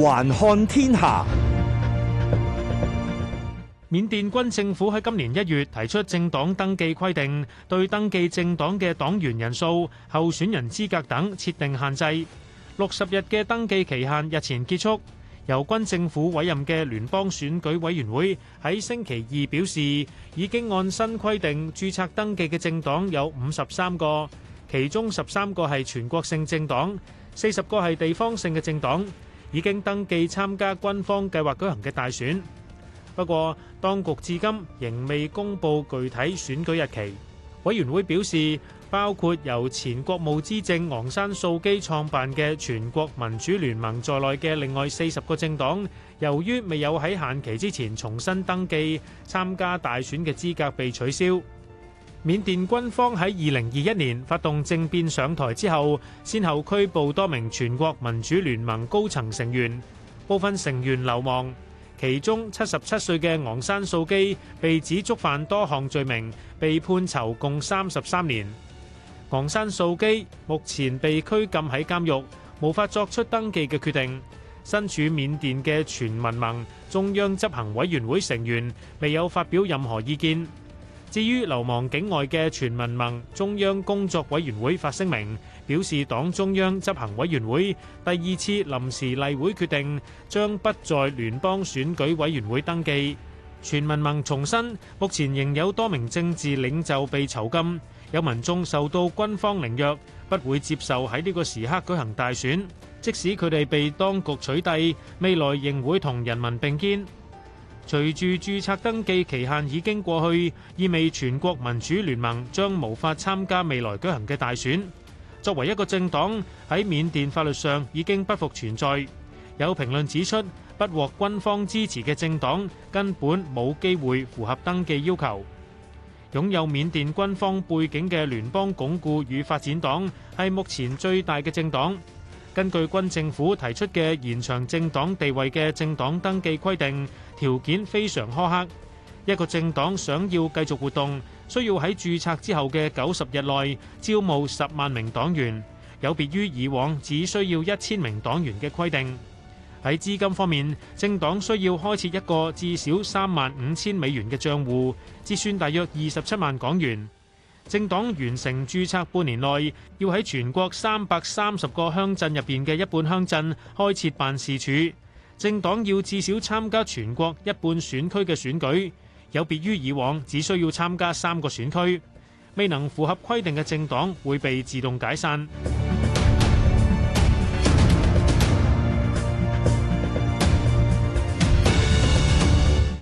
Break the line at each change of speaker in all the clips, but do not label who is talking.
環看天下。緬甸軍政府喺今年一月提出政黨登記規定，對登記政黨嘅黨員人數、候選人資格等設定限制。六十日嘅登記期限日前結束，由軍政府委任嘅聯邦選舉委員會喺星期二表示，已經按新規定注冊登記嘅政黨有五十三個，其中十三個係全國性政黨，四十個係地方性嘅政黨。已經登記參加軍方計劃舉行嘅大選，不過當局至今仍未公布具體選舉日期。委員會表示，包括由前國務資政昂山素姬創辦嘅全國民主聯盟在內嘅另外四十個政黨，由於未有喺限期之前重新登記，參加大選嘅資格被取消。緬甸軍方喺二零二一年發動政變上台之後，先後拘捕多名全國民主聯盟高層成員，部分成員流亡。其中七十七歲嘅昂山素姬被指觸犯多項罪名，被判囚共三十三年。昂山素姬目前被拘禁喺監獄，無法作出登記嘅決定。身處緬甸嘅全民盟中央執行委員會成員未有發表任何意見。至於流亡境外嘅全民盟中央工作委員會發聲明，表示黨中央執行委員會第二次臨時例會決定，將不在聯邦選舉委員會登記。全民盟重申，目前仍有多名政治領袖被囚禁，有民眾受到軍方凌虐，不會接受喺呢個時刻舉行大選。即使佢哋被當局取締，未來仍會同人民並肩。隨住註冊登記期限已經過去，意味全國民主聯盟將無法參加未來舉行嘅大選。作為一個政黨，喺緬甸法律上已經不復存在。有評論指出，不獲軍方支持嘅政黨根本冇機會符合登記要求。擁有緬甸軍方背景嘅聯邦鞏固與發展黨，係目前最大嘅政黨。根據軍政府提出嘅延長政黨地位嘅政黨登記規定，條件非常苛刻。一個政黨想要繼續活動，需要喺註冊之後嘅九十日內招募十萬名黨員，有別於以往只需要一千名黨員嘅規定。喺資金方面，政黨需要開設一個至少三萬五千美元嘅賬戶，折算大約二十七萬港元。政黨完成註冊半年內，要喺全國三百三十個鄉鎮入邊嘅一半鄉鎮開設辦事處。政黨要至少參加全國一半選區嘅選舉，有別於以往只需要參加三個選區。未能符合規定嘅政黨會被自動解散。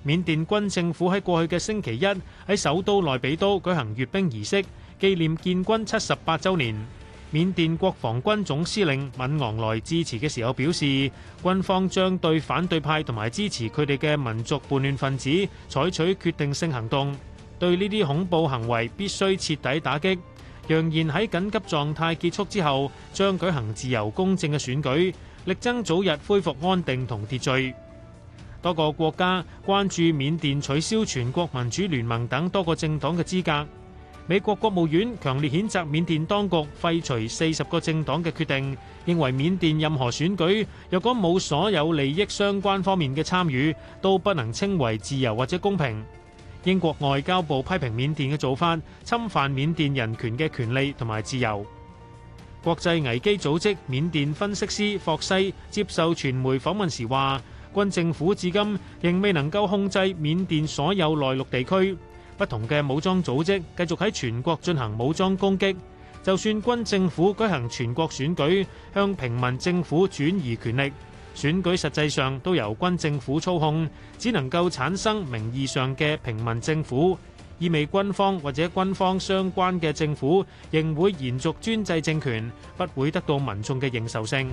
緬甸軍政府喺過去嘅星期一喺首都內比都舉行閱兵儀式，紀念建軍七十八周年。緬甸國防軍總司令敏昂萊致辭嘅時候表示，軍方將對反對派同埋支持佢哋嘅民族叛亂分子採取決定性行動，對呢啲恐怖行為必須徹底打擊。揚言喺緊急狀態結束之後，將舉行自由公正嘅選舉，力爭早日恢復安定同秩序。多個國家關注緬甸取消全國民主聯盟等多個政黨嘅資格。美國國務院強烈譴責緬甸當局廢除四十個政黨嘅決定，認為緬甸任何選舉，若果冇所有利益相關方面嘅參與，都不能稱為自由或者公平。英國外交部批評緬甸嘅做法，侵犯緬甸人權嘅權利同埋自由。國際危機組織緬甸分析師霍西接受傳媒訪問時話：軍政府至今仍未能夠控制緬甸所有內陸地區，不同嘅武裝組織繼續喺全國進行武裝攻擊。就算軍政府舉行全國選舉，向平民政府轉移權力，選舉實際上都由軍政府操控，只能夠產生名義上嘅平民政府，意味軍方或者軍方相關嘅政府仍會延續專制政權，不會得到民眾嘅認受性。